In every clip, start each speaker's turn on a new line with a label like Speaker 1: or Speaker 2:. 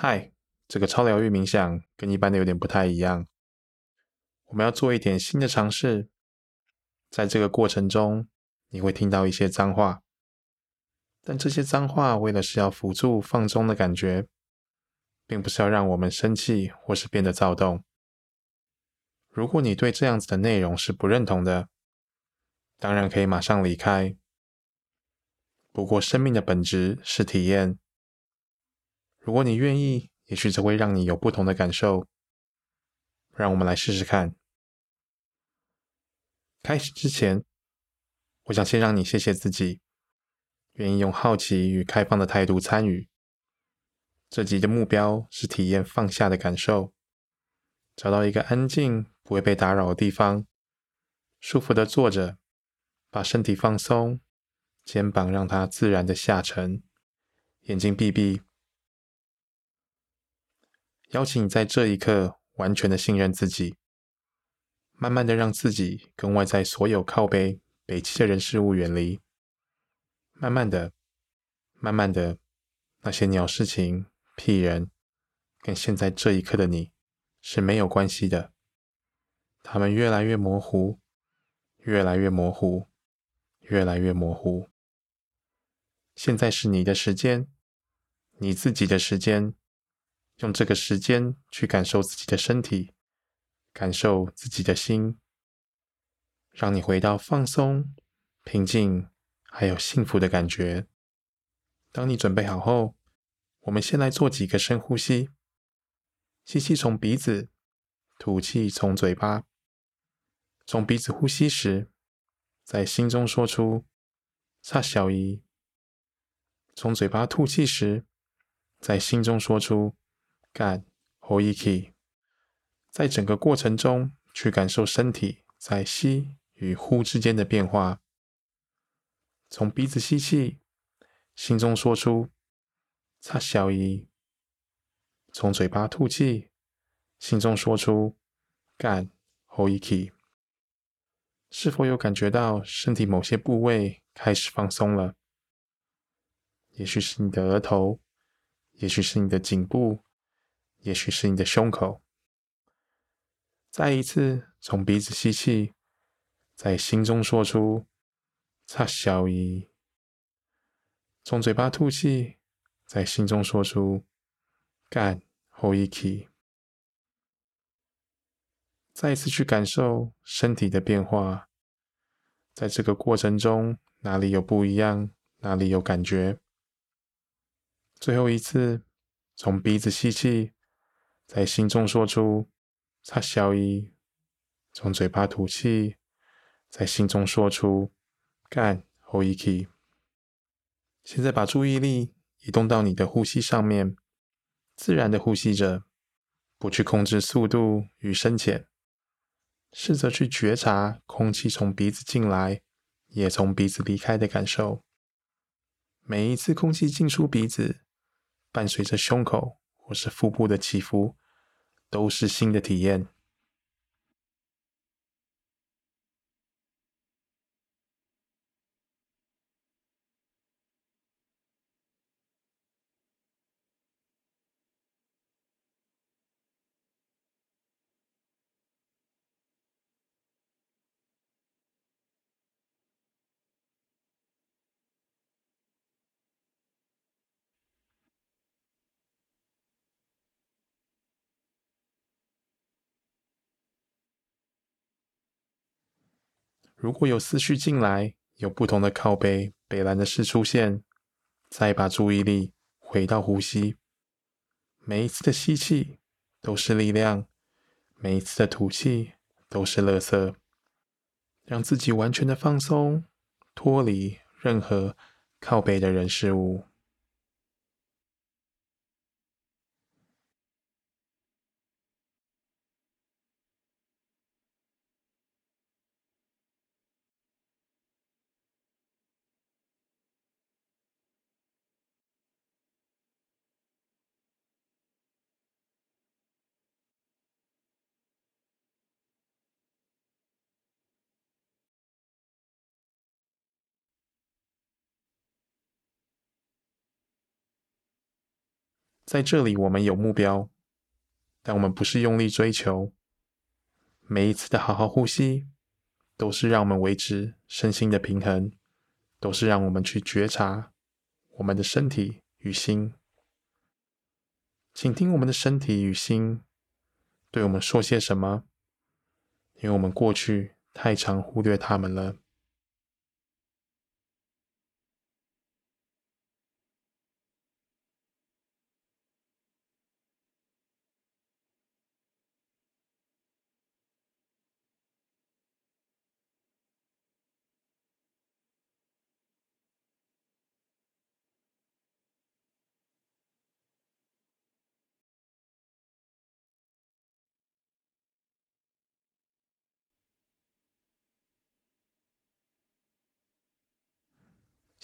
Speaker 1: 嗨，Hi, 這個超療癒冥想跟一般的有點不太一樣，我們要做一點新的嘗試。在這個過程中，你會聽到一些髒話，但這些髒話為了是要輔助放鬆的感覺，並不是要讓我們生氣或是變得躁動。如果你對這樣子的內容是不認同的，當然可以馬上離開。不過生命的本質是體驗。如果你願意，也許這會讓你有不同的感受。讓我們來試試看。開始之前，我想先讓你謝謝自己，願意用好奇與開放的態度參與。這集的目標是體驗放下的感受，找到一個安靜，不會被打擾的地方，舒服的坐着，把身體放鬆，肩膀讓它自然的下沉，眼睛閉閉。邀請你在這一刻完全的信任自己，慢慢的讓自己跟外在所有靠北北七的人事物遠離。慢慢的、慢慢的，那些鳥事情、屁人，跟現在這一刻的你是沒有關係的。他們越來越模糊，越來越模糊，越來越模糊。現在是你的時間，你自己的時間。用這個時間去感受自己的身體，感受自己的心，讓你回到放鬆、平靜還有幸福的感覺。當你準備好後，我們先來做幾個深呼吸，吸氣從鼻子，吐氣從嘴巴。從鼻子呼吸時，在心中說出“差小姨”；從嘴巴吐氣時，在心中說出。幹，予伊去。在整個過程中去感受身體在吸與呼之間的變化。從鼻子吸氣，心中說出“擦小姨”；從嘴巴吐氣，心中說出「幹，予伊去」。是否有感覺到身體某些部位開始放鬆了？也許是你的額頭，也許是你的頸部。也許是你的胸口。再一次，從鼻子吸氣，在心中說出“擦小姨”。從嘴巴吐氣，在心中說出“幹後一起”。再一次去感受身體的變化，在這個過程中，哪裡有不一樣，哪裡有感覺。最後一次，從鼻子吸氣。在心中說出“擦小一”，從嘴巴吐氣。在心中說出“干後一氣”。現在把注意力移動到你的呼吸上面，自然的呼吸着，不去控制速度與深淺。試着去覺察空氣從鼻子進來，也從鼻子離開的感受。每一次空氣進出鼻子，伴隨着胸口，或是腹部的起伏，都是新的體驗。如果有思緒進來，有不同的靠北、北蘭的事出現，再把注意力回到呼吸。每一次的吸氣都是力量，每一次的吐氣都是垃圾，讓自己完全的放鬆，脫離任何靠北的人事物。在這裡，我們有目標，但我們不是用力追求。每一次的好好呼吸，都是讓我們維持身心的平衡，都是讓我們去覺察我們的身體與心。請聽我們的身體與心對我們說些什麼，因為我們過去太常忽略他們了。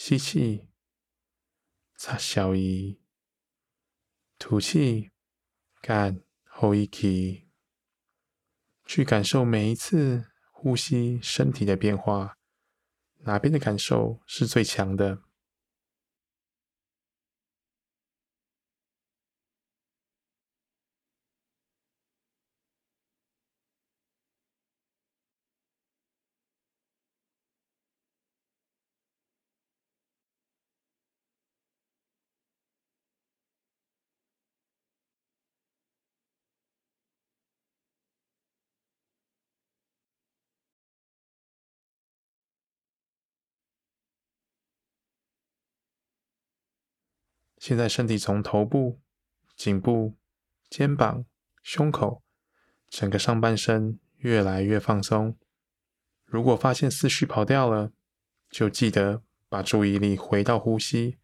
Speaker 1: 吸氣，氣，擦小姨。吐氣，幹。後一。氣。去感受每一次呼吸身體的變化，哪邊的感受是最強的？現在身體從頭部、頸部、肩膀、胸口，整個上半身越來越放鬆。如果發現思緒跑掉了，就記得把注意力回到呼吸。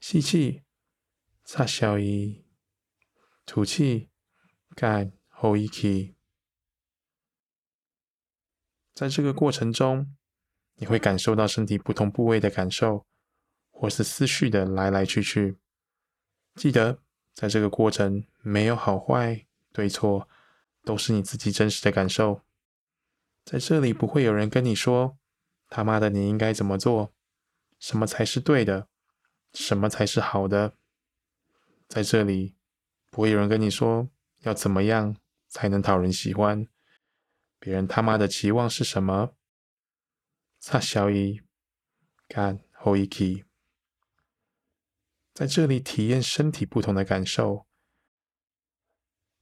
Speaker 1: 吸氣，再小一；吐氣，乾，後一氣。在這個過程中，你會感受到身體不同部位的感受。或是思緒的來來去去，記得在這個過程沒有好壞對錯，都是你自己真實的感受。在這裡不會有人跟你說“他媽的你應該怎麼做，什麼才是對的，什麼才是好的”。在這裡不會有人跟你說要怎麼樣才能討人喜歡，別人他媽的期望是什麼？差小雨，看後一題。在這裡體驗身體不同的感受，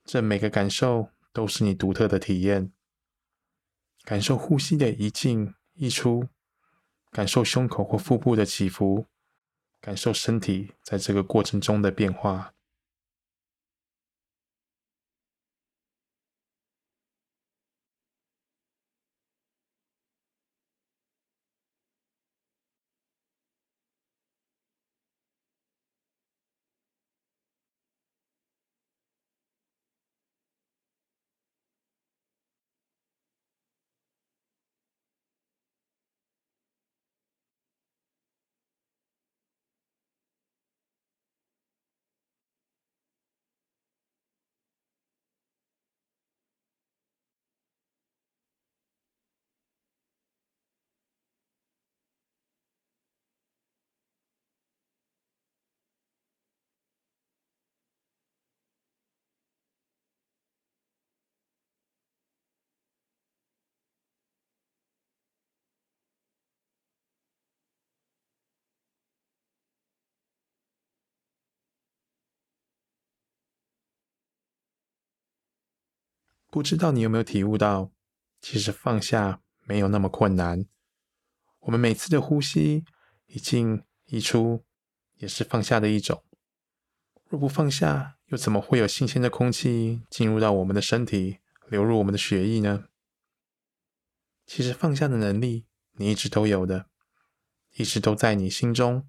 Speaker 1: 這每個感受都是你獨特的體驗。感受呼吸的一進一出，感受胸口或腹部的起伏，感受身體在這個過程中的變化。不知道你有沒有體悟到，其實放下沒有那麼困難。我們每次的呼吸，一進一出，也是放下的一種。若不放下，又怎麼會有新鮮的空氣進入到我們的身體，流入我們的血液呢？其實放下的能力，你一直都有的，一直都在你心中。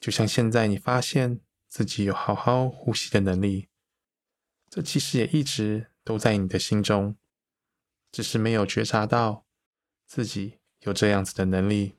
Speaker 1: 就像現在，你發現自己有好好呼吸的能力，這其實也一直。都在你的心中，只是沒有覺察到自己有這樣子的能力。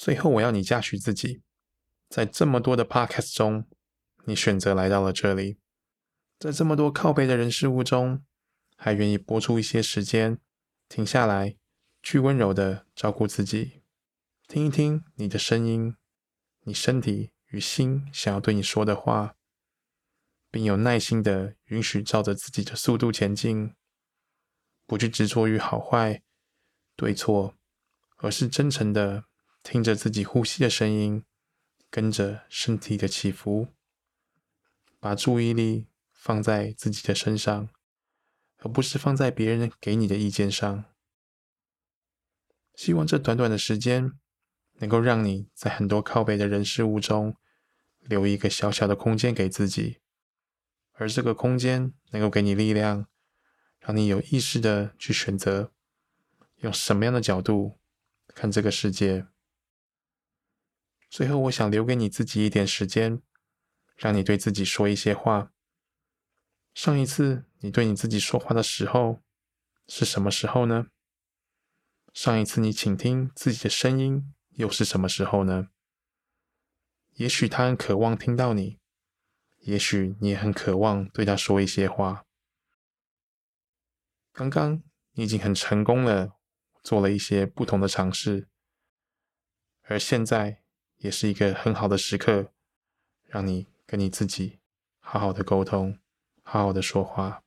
Speaker 1: 最後，我要你嘉許自己。在這麼多的 podcast 中，你選擇來到了這裡，在這麼多靠北的人事物中，還願意撥出一些時間，停下來，去溫柔的照顧自己，聽一聽你的聲音，你身體與心想要對你說的話，並有耐心的允許照着自己的速度前進，不去執着於好壞、對錯，而是真誠的。聽着自己呼吸的聲音，跟着身體的起伏，把注意力放在自己的身上，而不是放在別人給你的意見上。希望這短短的時間，能夠讓你在很多靠北的人事物中，留一個小小的空間給自己，而這個空間能夠給你力量，讓你有意識的去選擇，用什麼樣的角度看這個世界。最後，我想留給你自己一點時間，讓你對自己說一些話。上一次你對你自己說話的時候是什麼時候呢？上一次你傾聽自己的聲音又是什麼時候呢？也許他很渴望聽到你，也許你也很渴望對他說一些話。剛剛你已經很成功了，做了一些不同的嘗試，而現在，也是一個很好的時刻，讓你跟你自己好好的溝通，好好的說話。